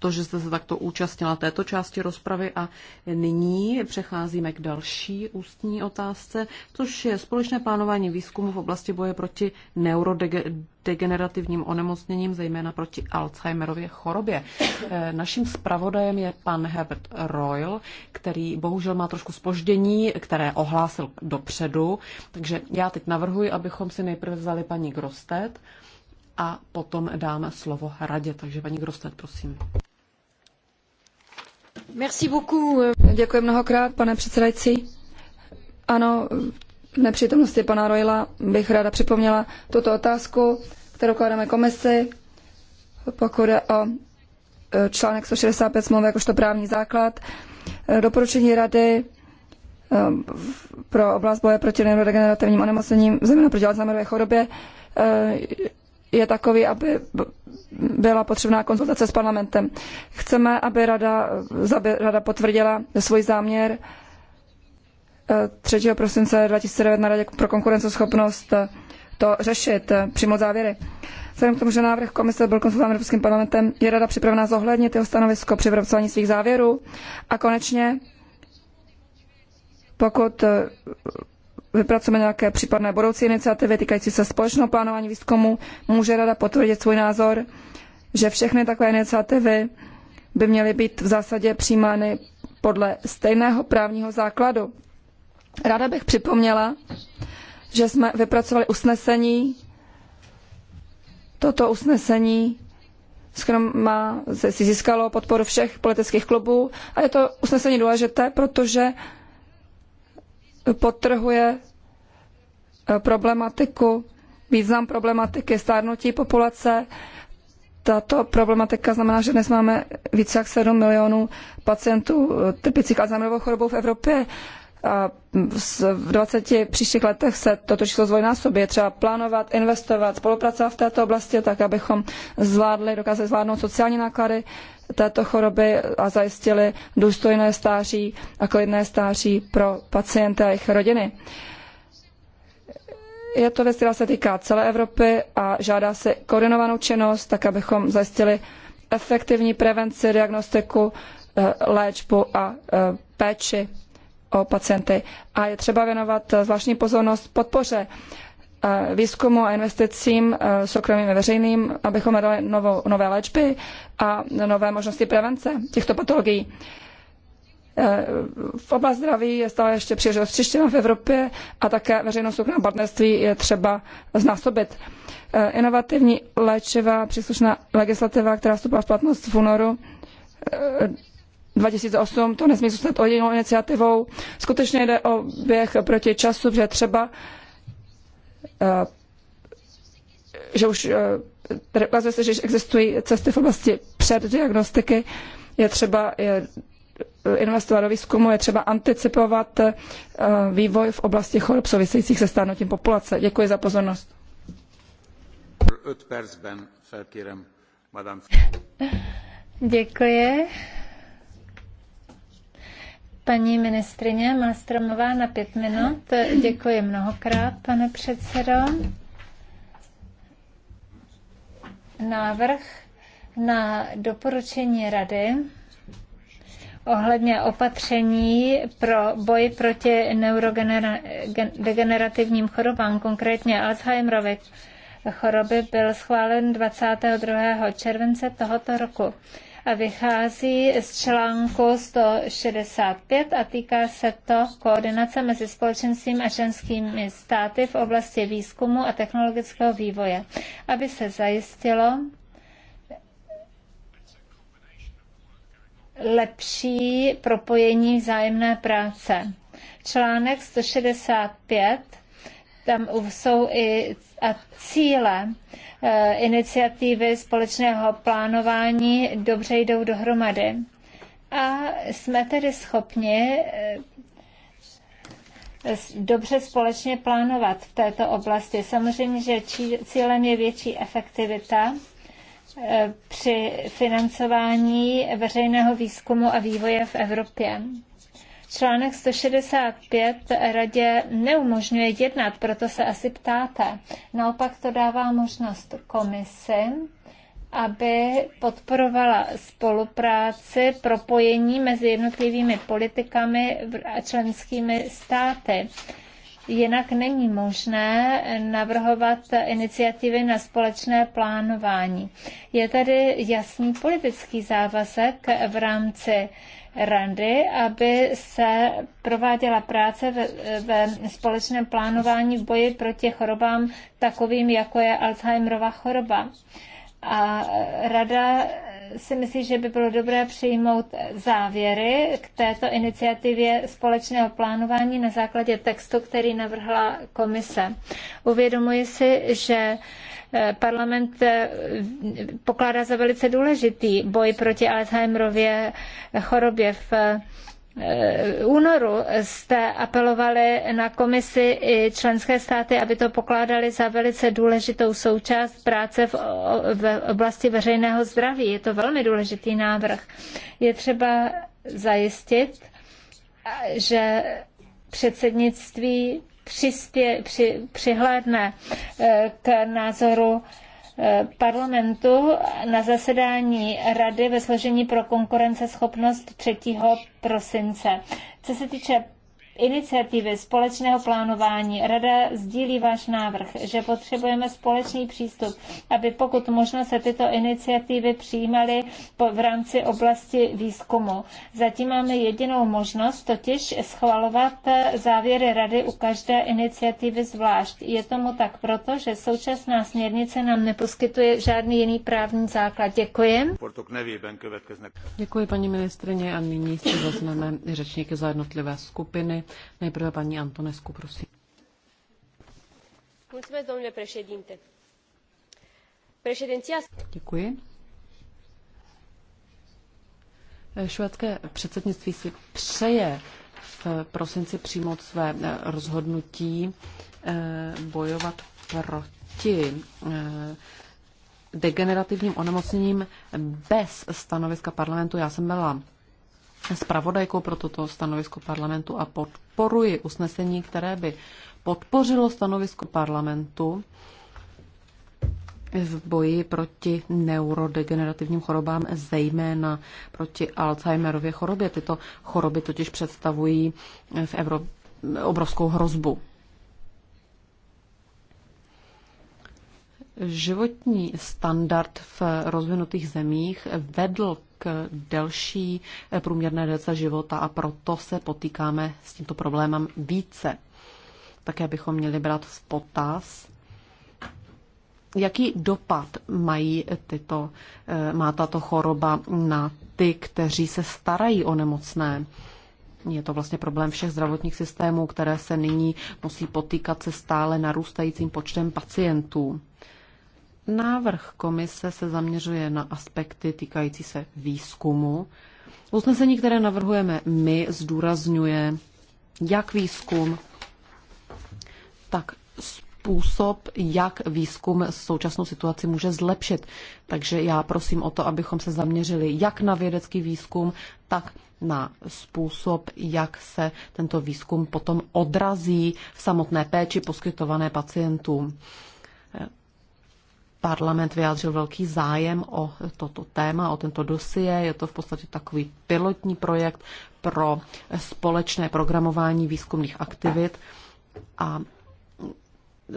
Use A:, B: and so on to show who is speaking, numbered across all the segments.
A: to, že jste se takto účastnila této části rozpravy a nyní přecházíme k další ústní otázce, což je společné plánování výzkumu v oblasti boje proti neurodegenerativním onemocněním, zejména proti Alzheimerově chorobě. Eh, naším zpravodajem je pan Herbert Royal, který bohužel má trošku spoždění, které ohlásil dopředu, takže já teď navrhuji, abychom si nejprve vzali paní Grostet a potom dáme slovo radě. Takže paní Grostet, prosím.
B: Děkuji mnohokrát, pane předsedající. Ano, v nepřítomnosti pana Roila bych ráda připomněla tuto otázku, kterou klademe komisi, pokud jde o e, článek 165 smlouvy jakožto právní základ. E, doporučení rady e, pro oblast boje proti neurodegenerativním onemocněním, zejména proti Alzheimerové chorobě, je takový, aby byla potřebná konzultace s parlamentem. Chceme, aby rada, aby rada potvrdila svůj záměr 3. Eh, prosince 2009 na Radě pro konkurenceschopnost eh, to řešit, eh, přijmout závěry. Vzhledem k tomu, že návrh komise byl konzultován Evropským parlamentem, je rada připravena zohlednit jeho stanovisko při vypracování svých závěrů. A konečně, pokud vypracujeme nějaké případné budoucí iniciativy týkající se společného plánování výzkumu, může rada potvrdit svůj názor, že všechny takové iniciativy by měly být v zásadě přijímány podle stejného právního základu. Ráda bych připomněla, že jsme vypracovali usnesení. Toto usnesení má, si získalo podporu všech politických klubů a je to usnesení důležité, protože potrhuje eh, problematiku, význam problematiky stárnutí populace. Tato problematika znamená, že dnes máme více jak 7 milionů pacientů eh, trpících Alzheimerovou chorobou v Evropě v 20 příštích letech se toto číslo zdvojnásobí. Je třeba plánovat, investovat, spolupracovat v této oblasti, tak abychom zvládli, dokázali zvládnout sociální náklady této choroby a zajistili důstojné stáří a klidné stáří pro pacienty a jejich rodiny. Je to věc, která se týká celé Evropy a žádá se koordinovanou činnost, tak abychom zajistili efektivní prevenci, diagnostiku, eh, léčbu a eh, péči o pacienty. A je třeba věnovat zvláštní pozornost podpoře eh, výzkumu a investicím eh, soukromým a veřejným, abychom hledali novou, nové léčby a nové možnosti prevence těchto patologií. Eh, v oblast zdraví je stále ještě příliš roztřištěna v Evropě a také veřejnou soukromé partnerství je třeba znásobit. Inovativní léčiva, příslušná legislativa, která vstupila v platnost v únoru, 2008. To nesmí zůstat jedinou iniciativou. Skutečně jde o běh proti času, že třeba eh, že už eh, tady ukazuje se, že existují cesty v oblasti předdiagnostiky, je třeba je eh, investovat do výzkumu, je třeba anticipovat vývoj v oblasti chorob souvisejících se stárnutím populace. Děkuji za pozornost.
C: Děkuji paní ministrině Malstromová na pět minut. Děkuji mnohokrát, pane předsedo. Návrh na doporučení rady ohledně opatření pro boj proti neurodegenerativním chorobám, konkrétně Alzheimerovi choroby, byl schválen 22. července tohoto roku vychází z článku 165 a týká se to koordinace mezi společenstvím a ženskými státy v oblasti výzkumu a technologického vývoje, aby se zajistilo lepší propojení vzájemné práce. Článek 165 tam jsou i a cíle eh, iniciativy společného plánování dobře jdou dohromady. A jsme tedy schopni eh, dobře společně plánovat v této oblasti. Samozřejmě, že cílem je větší efektivita eh, při financování veřejného výzkumu a vývoje v Evropě. Článek 165 radě neumožňuje jednat, proto se asi ptáte. Naopak to dává možnost komisi, aby podporovala spolupráci, propojení mezi jednotlivými politikami a členskými státy. Jinak není možné navrhovat iniciativy na společné plánování. Je tady jasný politický závazek v rámci randy, aby se prováděla práce ve, ve společném plánování v boji proti chorobám takovým, jako je Alzheimerova choroba. A rada si myslí, že by bylo dobré přijmout závěry k této iniciativě společného plánování na základě textu, který navrhla komise. Uvědomuji si, že Parlament eh, pokládá za velice důležitý boj proti Alzheimerově chorobě v eh, únoru jste apelovali na komisi i členské státy, aby to pokládali za velice důležitou součást práce v, oblasti veřejného zdraví. Je to velmi důležitý návrh. Je třeba zajistit, že předsednictví přistě, při, přihlédne eh, k názoru eh, parlamentu na zasedání Rady ve složení pro konkurenceschopnost 3. prosince. Co se týče iniciativy společného plánování Rada sdílí váš návrh, že potřebujeme společný přístup, aby pokud možno se tyto iniciativy přijímaly v rámci oblasti výzkumu. Zatím máme jedinou možnost, totiž schvalovat eh, závěry Rady u každé iniciativy zvlášť. Je tomu tak proto, že současná směrnice nám neposkytuje žádný jiný právní základ. Děkuji.
A: Děkuji paní ministrině a nyní si vezmeme řečníky za jednotlivé skupiny. Nejprve paní Antonescu, prosím. Děkuji. Švédské předsednictví si přeje v prosinci přijmout své eh, rozhodnutí eh, bojovat proti eh, degenerativním onemocněním bez stanoviska parlamentu. Já jsem byla zpravodajkou pro toto stanovisko parlamentu a podporuji usnesení, které by podpořilo stanovisko parlamentu v boji proti neurodegenerativním chorobám, zejména proti Alzheimerově chorobě. Tyto choroby totiž představují v Evropě obrovskou hrozbu. Životní standard v rozvinutých zemích vedl k delší průměrné délce života a proto se potýkáme s tímto problémem více. Také bychom měli brát v potaz, jaký dopad mají tyto, eh, má tato choroba na ty, kteří se starají o nemocné. Je to vlastně problém všech zdravotních systémů, které se nyní musí potýkat se stále narůstajícím počtem pacientů. Návrh komise se zaměřuje na aspekty týkající se výzkumu. Usnesení, které navrhujeme my, zdůrazňuje jak výzkum, tak způsob, jak výzkum současnou situaci může zlepšit. Takže já prosím o to, abychom se zaměřili jak na vědecký výzkum, tak na způsob, jak se tento výzkum potom odrazí v samotné péči poskytované pacientům parlament vyjádřil velký zájem o toto téma, o tento dosie. Je to v podstatě takový pilotní projekt pro společné programování výzkumných aktivit a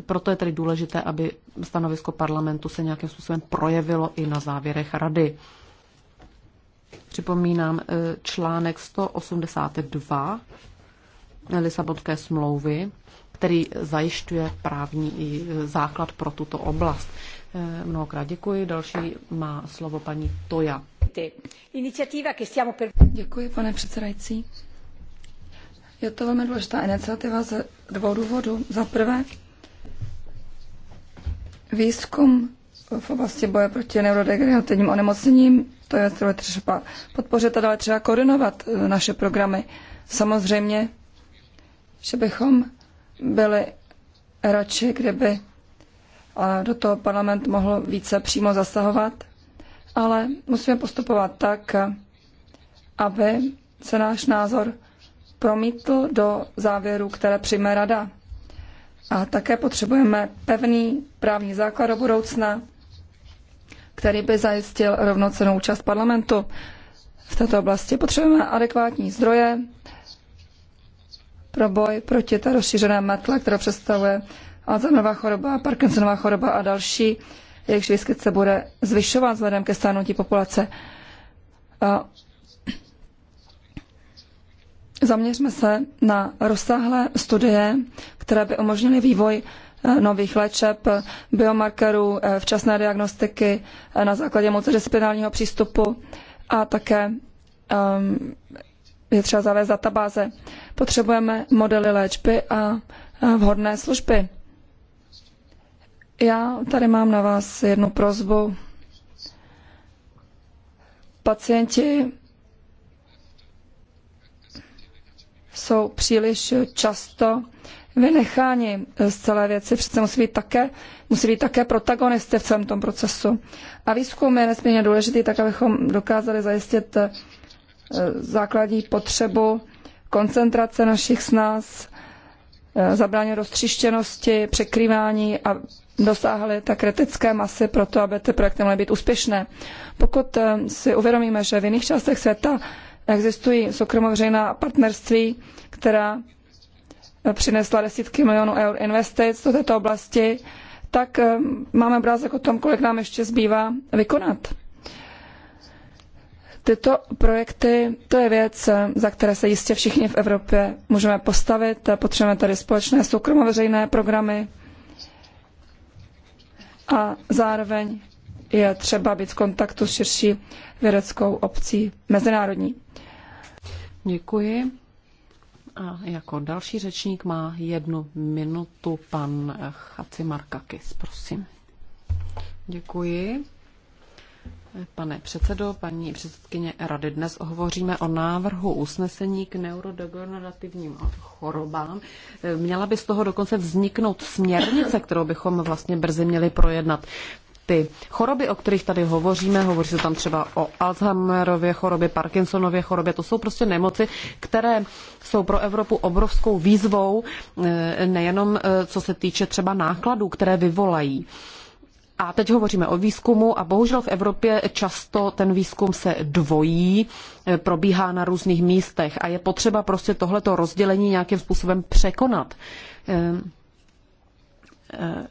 A: proto je tedy důležité, aby stanovisko parlamentu se nějakým způsobem projevilo i na závěrech rady. Připomínám eh, článek 182 Lisabonské smlouvy, který zajišťuje právní eh, základ pro tuto oblast. Eh, mnohokrát děkuji. Další má slovo paní Toja.
B: Děkuji, pane předsedající. Je to velmi důležitá iniciativa ze dvou důvodů. Za prvé, výzkum v oblasti boje proti neurodegenerativním onemocněním, to je třeba podpořit a dále třeba koordinovat eh, naše programy. Samozřejmě, že bychom byli radši, kdyby do toho parlament mohl více přímo zasahovat, ale musíme postupovat tak, aby se náš názor promítl do závěru, které přijme rada. A také potřebujeme pevný právní základ do budoucna, který by zajistil rovnocenou účast parlamentu. V této oblasti potřebujeme adekvátní zdroje pro boj proti té rozšířené metle, kterou představuje Alzheimerová choroba, Parkinsonová choroba a další, jejichž výskyt se bude zvyšovat vzhledem ke stárnutí populace. A zaměřme se na rozsáhlé studie, které by umožnily vývoj eh, nových léčeb, biomarkerů, eh, včasné diagnostiky eh, na základě multidisciplinárního přístupu a také um, je třeba zavést databáze. Potřebujeme modely léčby a vhodné služby. Já tady mám na vás jednu prozbu. Pacienti jsou příliš často vynecháni z celé věci. Přece musí být také, musí být také protagonisty v celém tom procesu. A výzkum je nesmírně důležitý, tak abychom dokázali zajistit eh, základní potřebu koncentrace našich snah, Eh, zabránil roztříštěnosti, překrývání a dosáhly tak kritické masy pro to, aby ty projekty mohly být úspěšné. Pokud eh, si uvědomíme, že v jiných částech světa existují soukromo-veřejná partnerství, která eh, přinesla desítky milionů eur investic do této oblasti, tak máme obrázek o tom, kolik nám ještě zbývá vykonat. Tyto projekty, to je věc, za které se jistě všichni v Evropě můžeme postavit. Potřebujeme tady společné soukromo-veřejné programy a zároveň je třeba být v kontaktu s širší vědeckou obcí mezinárodní. Děkuji.
A: A jako další řečník má jednu minutu pan Chacimarkakis, prosím. Děkuji. Pane předsedo, paní předsedkyně Rady, dnes hovoříme o návrhu usnesení k neurodegenerativním chorobám. Měla by z toho dokonce vzniknout směrnice, kterou bychom vlastně brzy měli projednat. Ty choroby, o kterých tady hovoříme, hovoří se tam třeba o Alzheimerově chorobě, Parkinsonově chorobě, to jsou prostě nemoci, které jsou pro Evropu obrovskou výzvou, eh, nejenom eh, co se týče třeba nákladů, které vyvolají. A teď hovoříme o výzkumu a bohužel v Evropě často ten výzkum se dvojí, eh, probíhá na různých místech a je potřeba prostě tohleto rozdělení nějakým způsobem překonat. Ehm, eh,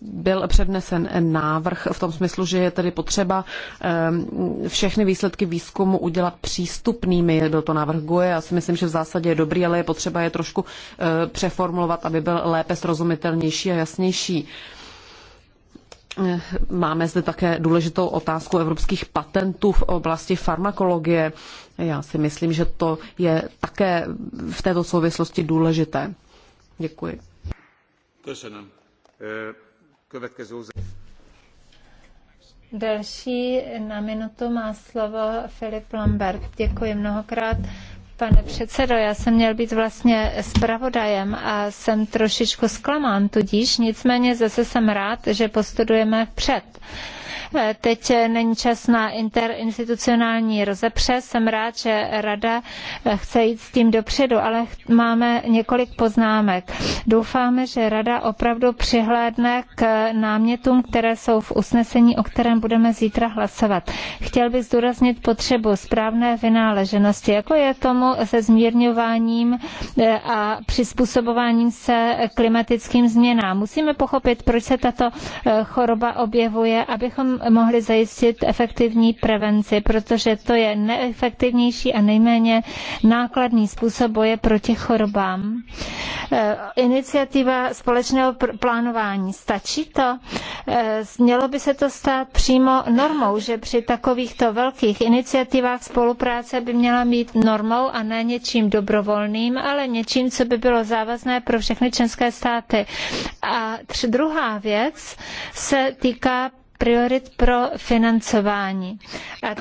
A: byl přednesen návrh v tom smyslu, že je tedy potřeba ehm, všechny výsledky výzkumu udělat přístupnými. Byl to návrh GUE, já si myslím, že v zásadě je dobrý, ale je potřeba je trošku eh, přeformulovat, aby byl lépe srozumitelnější a jasnější. Máme zde také důležitou otázku evropských patentů v oblasti farmakologie. Já si myslím, že to je také v této souvislosti důležité. Děkuji.
C: Další na minutu má slovo Filip Lambert. Děkuji mnohokrát. Pane předsedo, já jsem měl být vlastně zpravodajem a jsem trošičku zklamán tudíž, nicméně zase jsem rád, že postudujeme vpřed. Eh, teď eh, není čas na interinstitucionální rozepře. Jsem rád, že Rada eh, chce jít s tím dopředu, ale máme několik poznámek. Doufáme, že Rada opravdu přihlédne k námětům, které jsou v usnesení, o kterém budeme zítra hlasovat. Chtěl bych zdůraznit potřebu správné vynáleženosti, jako je tomu se zmírňováním a přizpůsobováním se klimatickým změnám. Musíme pochopit, proč se tato choroba objevuje, abychom mohli zajistit efektivní prevenci, protože to je neefektivnější a nejméně nákladný způsob boje proti chorobám. Eh, iniciativa společného plánování, stačí to? Eh, mělo by se to stát přímo normou, že při takovýchto velkých iniciativách spolupráce by měla být normou a ne něčím dobrovolným, ale něčím, co by bylo závazné pro všechny členské státy. A tři, druhá věc se týká priorit pro financování. A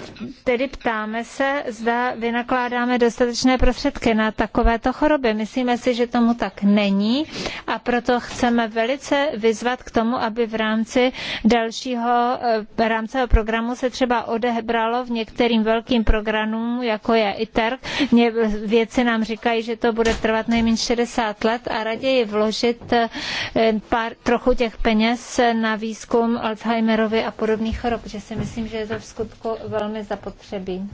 C: tedy ptáme se, zda vynakládáme dostatečné prostředky na takovéto choroby. Myslíme si, že tomu tak není a proto chceme velice vyzvat k tomu, aby v rámci dalšího eh, rámcového programu se třeba odebralo v některým velkým programům, jako je ITER. Vědci věci nám říkají, že to bude trvat nejméně 60 let a raději vložit eh, pár, trochu těch peněz na výzkum Alzheimerovy cukrovy a podobných chorob, že si myslím, že je to v skutku velmi zapotřebí.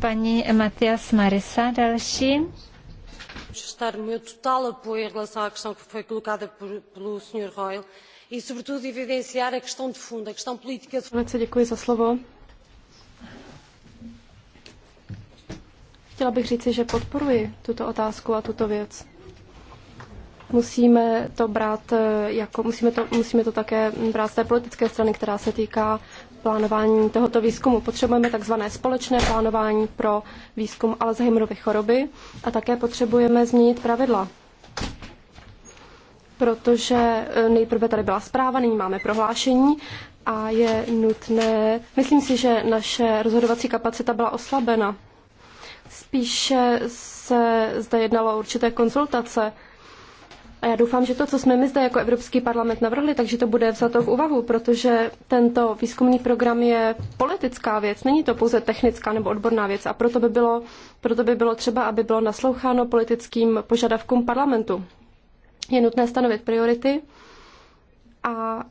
C: Paní Matias Marisa, další.
A: Estar meu total apoio em relação à questão que foi colocada pelo Sr. e, sobretudo, evidenciar a questão de fundo, a questão política
D: Děkuji za slovo. Chtěla bych říci, že podporuji tuto otázku a tuto věc musíme to brát eh, jako, musíme to, musíme to také brát z té politické strany, která se týká plánování tohoto výzkumu. Potřebujeme takzvané společné plánování pro výzkum Alzheimerovy choroby a také potřebujeme změnit pravidla. Protože eh, nejprve tady byla zpráva, nyní máme prohlášení a je nutné, myslím si, že naše rozhodovací kapacita byla oslabena. Spíše se zde jednalo o určité konzultace, a já doufám, že to, co jsme my zde jako Evropský parlament navrhli, takže to bude vzato v úvahu, protože tento výzkumný program je politická věc, není to pouze technická nebo odborná věc a proto by bylo, proto by bylo třeba, aby bylo nasloucháno politickým požadavkům parlamentu. Je nutné stanovit priority a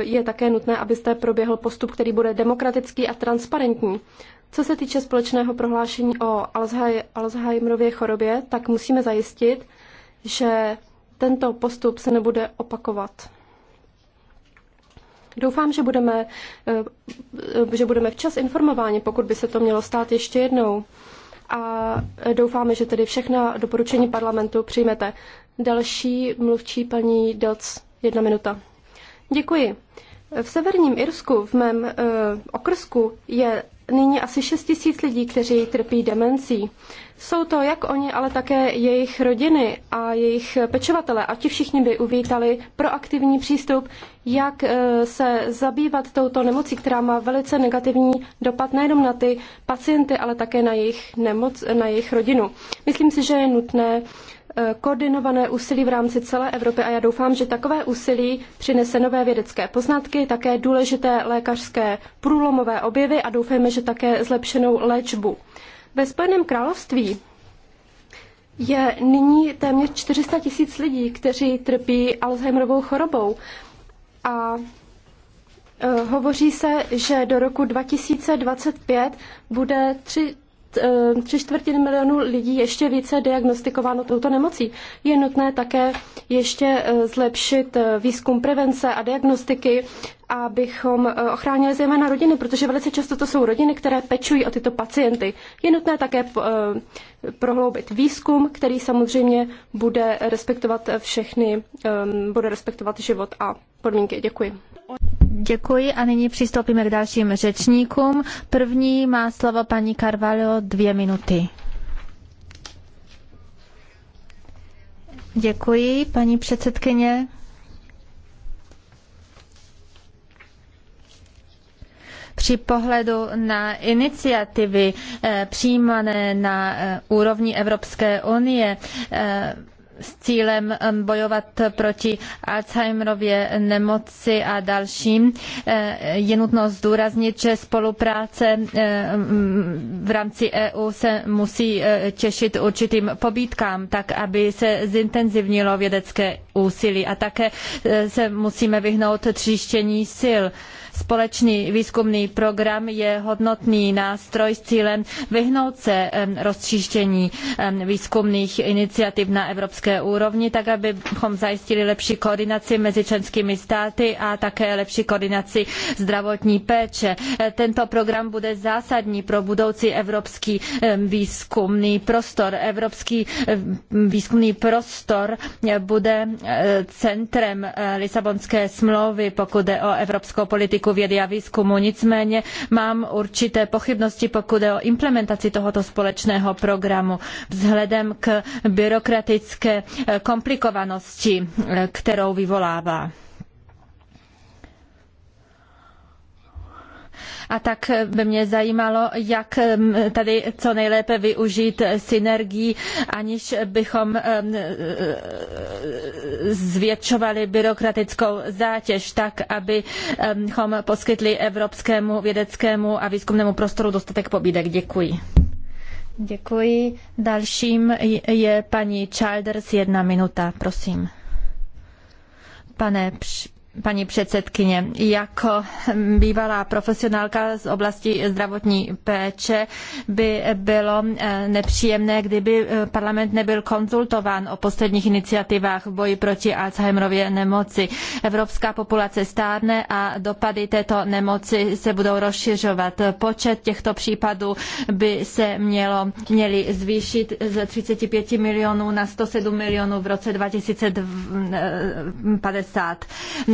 D: e, je také nutné, aby zde proběhl postup, který bude demokratický a transparentní. Co se týče společného prohlášení o Alzheimerově chorobě, tak musíme zajistit, že tento postup se nebude opakovat. Doufám, že budeme, eh, že budeme včas informováni, pokud by se to mělo stát ještě jednou. A doufáme, že tedy všechna doporučení parlamentu přijmete. Další mluvčí paní Delc, jedna minuta. Děkuji. V severním Irsku, v mém e, okrsku, je nyní asi 6 tisíc lidí, kteří trpí demencí. Jsou to jak oni, ale také jejich rodiny a jejich pečovatele. A ti všichni by uvítali proaktivní přístup, jak eh, se zabývat touto nemocí, která má velice negativní dopad nejenom na ty pacienty, ale také na jejich, nemoc, na jejich rodinu. Myslím si, že je nutné Eh, koordinované úsilí v rámci celé Evropy a já doufám, že takové úsilí přinese nové vědecké poznatky, také důležité lékařské průlomové objevy a doufejme, že také zlepšenou léčbu. Ve Spojeném království je nyní téměř 400 tisíc lidí, kteří trpí Alzheimerovou chorobou a eh, Hovoří se, že do roku 2025 bude tři Eh, tři čtvrtiny milionu lidí ještě více diagnostikováno touto nemocí. Je nutné také ještě eh, zlepšit eh, výzkum prevence a diagnostiky, abychom ochránili zejména rodiny, protože velice často to jsou rodiny, které pečují o tyto pacienty. Je nutné také prohloubit výzkum, který samozřejmě bude respektovat všechny, bude respektovat život a podmínky. Děkuji.
E: Děkuji a nyní přistoupíme k dalším řečníkům. První má slovo paní Carvalho dvě minuty. Děkuji, paní předsedkyně. při pohledu na iniciativy eh, přijímané na eh, úrovni Evropské unie eh, s cílem um, bojovat proti Alzheimerově nemoci a dalším. Eh, je nutno zdůraznit, že spolupráce eh, v rámci EU se musí eh, těšit určitým pobídkám, tak aby se zintenzivnilo vědecké úsilí a také se musíme vyhnout tříštění sil. Společný výzkumný program je hodnotný nástroj s cílem vyhnout se rozčištění výzkumných iniciativ na evropské úrovni, tak abychom zajistili lepší koordinaci mezi členskými státy a také lepší koordinaci zdravotní péče. E, tento program bude zásadní pro budoucí evropský výzkumný prostor. Evropský výzkumný prostor e, bude e, centrem Lisabonské smlouvy, pokud jde o evropskou politiku politiku vědy a výzkumu. Nicméně mám určité pochybnosti, pokud je o implementaci tohoto společného programu vzhledem k byrokratické eh, komplikovanosti, eh, kterou vyvolává. A tak by mě zajímalo, jak mm, tady co nejlépe využít synergii, aniž bychom mm, e, zvětšovali byrokratickou zátěž tak, abychom mm, poskytli evropskému vědeckému a výzkumnému prostoru dostatek pobídek. Děkuji. Děkuji. Dalším je paní Childers, jedna minuta, prosím. Pane paní předsedkyně. Jako bývalá profesionálka z oblasti zdravotní péče by bylo eh, nepříjemné, kdyby eh, parlament nebyl konzultován o posledních iniciativách v boji proti Alzheimerově nemoci. Evropská populace stárne a dopady této nemoci se budou rozšiřovat. Počet těchto případů by se mělo, měli zvýšit z 35 milionů na 107 milionů v roce 2050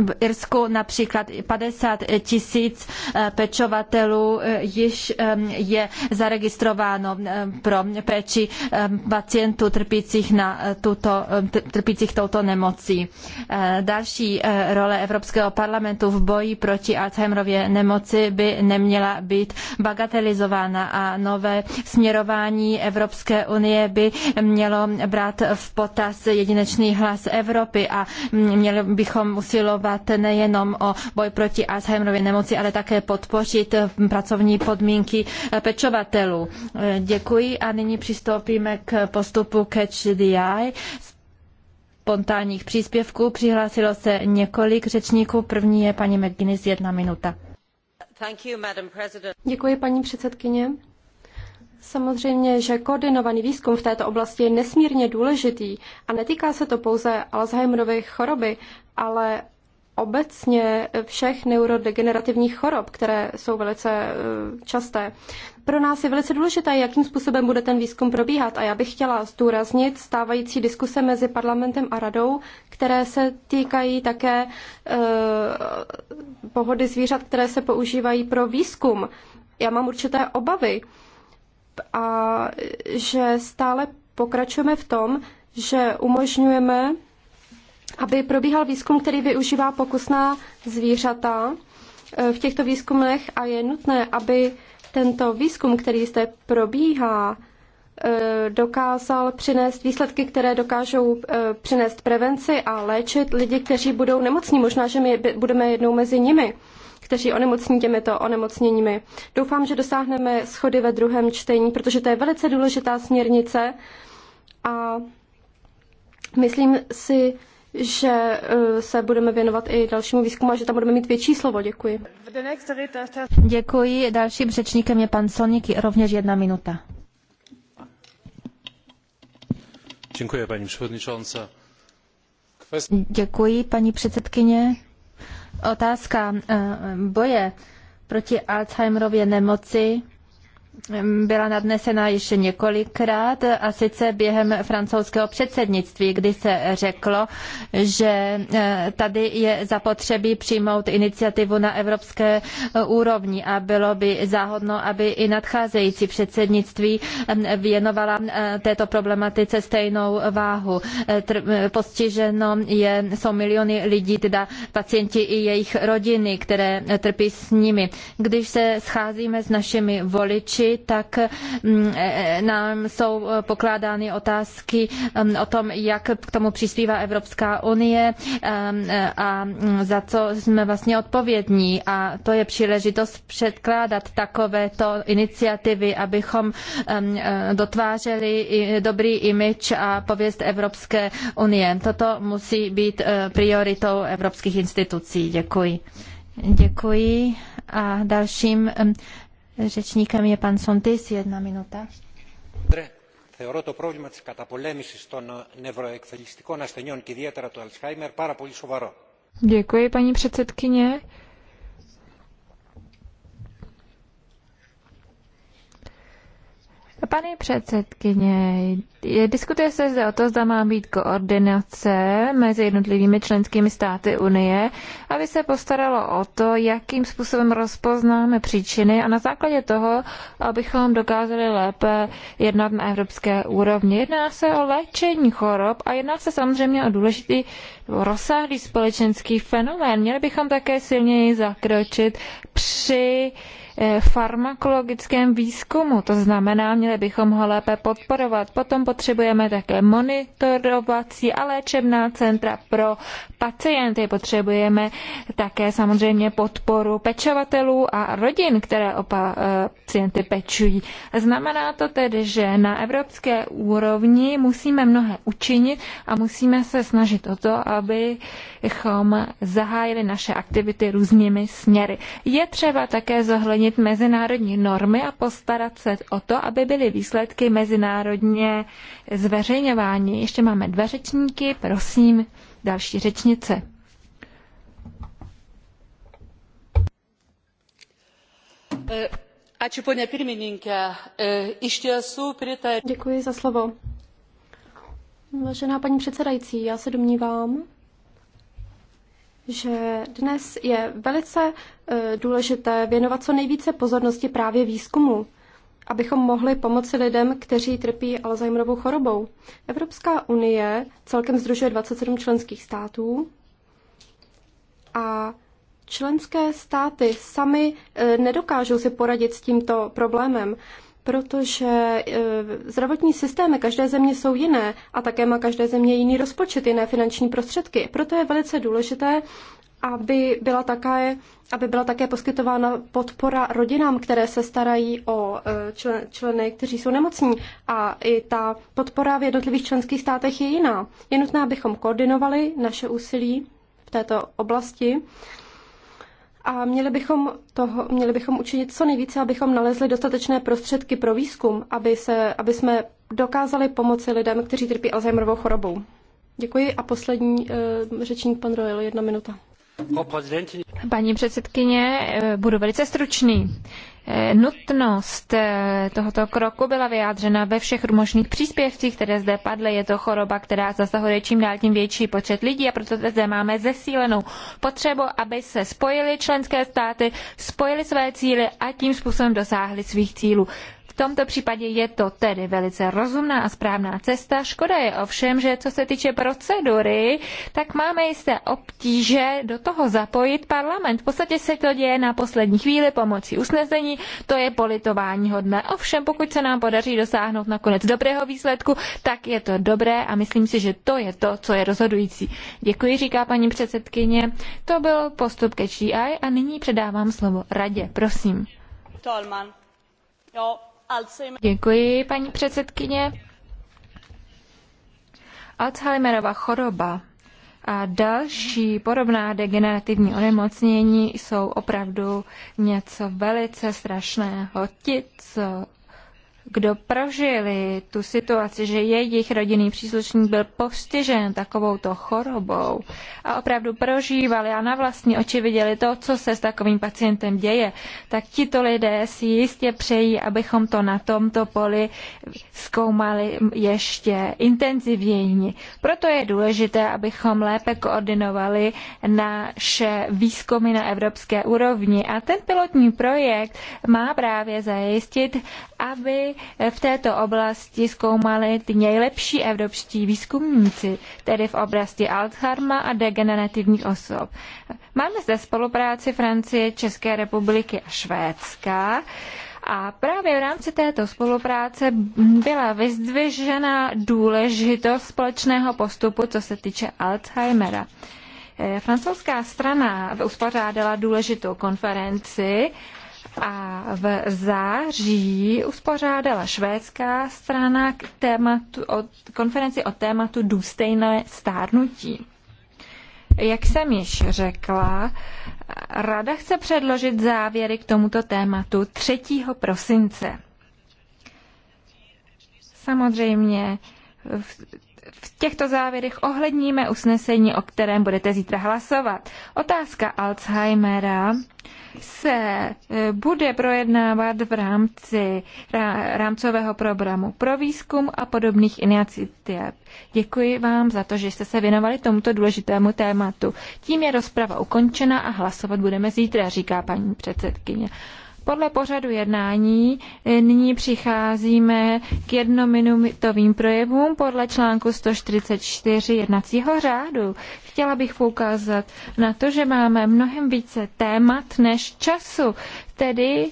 E: v Irsku například 50 tisíc eh, pečovatelů eh, již ehm, je zaregistrováno ehm, pro péči ehm, pacientů trpících, na eh, tuto, trpících touto nemocí. Další role Evropského parlamentu v boji proti Alzheimerově nemoci by neměla být bagatelizována a nové směrování Evropské unie by mělo brát v potaz jedinečný hlas Evropy a měli bychom bychom usilovat nejenom o boj proti Alzheimerově nemoci, ale také podpořit pracovní podmínky pečovatelů. Děkuji a nyní přistoupíme k postupu Catch the Eye spontánních příspěvků. Přihlásilo se několik řečníků. První je paní McGuinness, jedna minuta. Děkuji, paní předsedkyně.
D: Samozřejmě, že koordinovaný výzkum v této oblasti je nesmírně důležitý a netýká se to pouze Alzheimerovy choroby, ale obecně všech neurodegenerativních chorob, které jsou velice e, časté. Pro nás je velice důležité, jakým způsobem bude ten výzkum probíhat a já bych chtěla zdůraznit stávající diskuse mezi parlamentem a radou, které se týkají také e, pohody zvířat, které se používají pro výzkum. Já mám určité obavy, a že stále pokračujeme v tom, že umožňujeme, aby probíhal výzkum, který využívá pokusná zvířata eh, v těchto výzkumech a je nutné, aby tento výzkum, který zde probíhá, eh, dokázal přinést výsledky, které dokážou eh, přinést prevenci a léčit lidi, kteří budou nemocní. Možná, že my budeme jednou mezi nimi kteří onemocní těmito onemocněními. Doufám, že dosáhneme schody ve druhém čtení, protože to je velice důležitá směrnice a myslím si, že eh, se budeme věnovat i dalšímu výzkumu a že tam budeme mít větší slovo. Děkuji.
E: Děkuji. Dalším řečníkem je pan Soniky, rovněž jedna minuta. Děkuji, Děkuji, paní předsedkyně. Otázka eh, boje proti Alzheimerově nemoci byla nadnesena již několikrát a sice během francouzského předsednictví, kdy se řeklo, že e, tady je zapotřebí přijmout iniciativu na evropské e, úrovni a bylo by záhodno, aby i nadcházející předsednictví věnovala e, této problematice stejnou váhu. Postiženo je, jsou miliony lidí, teda pacienti i jejich rodiny, které trpí s nimi. Když se scházíme s našimi voliči, řeči, tak mm, eh, nám jsou eh, pokládány otázky mm, o tom, jak k tomu přispívá Evropská unie ehm, eh, a mm, za co jsme vlastně odpovědní. A to je příležitost předkládat takovéto iniciativy, abychom ehm, dotvářeli dobrý imič a pověst Evropské unie. Toto musí být prioritou evropských institucí. Děkuji. Děkuji. A dalším ehm, Řečníkem je pan Sontis, jedna minuta.
D: Θεωρώ το πρόβλημα της καταπολέμησης των νευροεκφελιστικών ασθενειών και ιδιαίτερα του Αλτσχάιμερ πάρα πολύ σοβαρό.
F: Děkuji, paní předsedkyně. Paní předsedkyně, diskutuje se zde o to, zda má být koordinace mezi jednotlivými členskými státy Unie, aby se postaralo o to, jakým způsobem rozpoznáme příčiny a na základě toho, abychom dokázali lépe jednat na evropské úrovni. Jedná se o léčení chorob a jedná se samozřejmě o důležitý rozsáhlý společenský fenomén. Měli bychom také silněji zakročit při Eh, farmakologickém výzkumu. To znamená, měli bychom ho lépe podporovat. Potom potřebujeme také monitorovací a léčebná centra pro pacienty. Potřebujeme také samozřejmě podporu pečovatelů a rodin, které o eh, pacienty pečují. Znamená to tedy, že na evropské úrovni musíme mnohé učinit a musíme se snažit o to, aby bychom zahájili naše aktivity různými směry. Je třeba také zohlednit mezinárodní normy a postarat se o to, aby byly výsledky mezinárodně zveřejňování. Ještě máme dva řečníky, prosím, další řečnice.
A: E,
D: Děkuji za slovo. Vážená paní předsedající, já se domnívám, že dnes je velice e, důležité věnovat co nejvíce pozornosti právě výzkumu, abychom mohli pomoci lidem, kteří trpí Alzheimerovou chorobou. Evropská unie celkem združuje 27 členských států a členské státy sami e, nedokážou si poradit s tímto problémem protože e, zdravotní systémy každé země jsou jiné a také má každé země jiný rozpočet, jiné finanční prostředky. Proto je velice důležité, aby byla také, aby byla také poskytována podpora rodinám, které se starají o e, člen, členy, kteří jsou nemocní. A i ta podpora v jednotlivých členských státech je jiná. Je nutné, abychom koordinovali naše úsilí v této oblasti a měli bychom, toho, měli bychom učinit co nejvíce, abychom nalezli dostatečné prostředky pro výzkum, aby, se, aby jsme dokázali pomoci lidem, kteří trpí Alzheimerovou chorobou. Děkuji a
F: poslední uh, řečník, pan Royal, jedna minuta. Paní předsedkyně, eh, budu velice stručný. Eh, nutnost eh, tohoto kroku byla vyjádřena ve všech možných příspěvcích, které zde padly. Je to choroba, která zasahuje čím dál tím větší počet lidí a proto zde máme zesílenou potřebu, aby se spojily členské státy, spojily své cíly a tím způsobem dosáhly svých cílů. V tomto případě je to tedy velice rozumná a správná cesta. Škoda je ovšem, že co se týče procedury, tak máme jisté obtíže do toho zapojit parlament. V podstatě se to děje na poslední chvíli pomocí usnesení, to je politování hodné. Ovšem, pokud se nám podaří dosáhnout nakonec dobrého výsledku, tak je to dobré a myslím si, že to je to, co je rozhodující. Děkuji, říká paní předsedkyně. To byl postup ke GI a nyní předávám slovo radě. Prosím.
B: Talman. Jo,
F: Děkuji, paní předsedkyně. Alzheimerova choroba a další podobná degenerativní onemocnění jsou opravdu něco velice strašného. Ti, co kdo prožili tu situaci, že jejich rodinný příslušník byl postižen takovouto chorobou a opravdu prožívali a na vlastní oči viděli to, co se s takovým pacientem děje, tak tito lidé si jistě přejí, abychom to na tomto poli zkoumali ještě intenzivněji. Proto je důležité, abychom lépe koordinovali naše výzkumy na evropské úrovni. A ten pilotní projekt má právě zajistit, aby v této oblasti zkoumali ty nejlepší evropští výzkumníci, tedy v oblasti Alzheimera a degenerativních osob. Máme zde spolupráci Francie, České republiky a Švédska. A právě v rámci této spolupráce byla vyzdvižena důležitost společného postupu, co se týče Alzheimera. Eh, francouzská strana uspořádala důležitou konferenci a v září uspořádala švédská strana k tématu, o, konferenci o tématu důstejné stárnutí. Jak jsem již řekla, Rada chce předložit závěry k tomuto tématu 3. prosince. Samozřejmě v v těchto závěrech ohledníme usnesení, o kterém budete zítra hlasovat. Otázka Alzheimera se e, bude projednávat v rámci rámcového programu pro výzkum a podobných iniciativ. Děkuji vám za to, že jste se věnovali tomuto důležitému tématu. Tím je rozprava ukončena a hlasovat budeme zítra, říká paní předsedkyně. Podle pořadu jednání e, nyní přicházíme k jednominutovým projevům podle článku 144 jednacího řádu. Chtěla bych poukázat na to, že máme mnohem více témat než času, tedy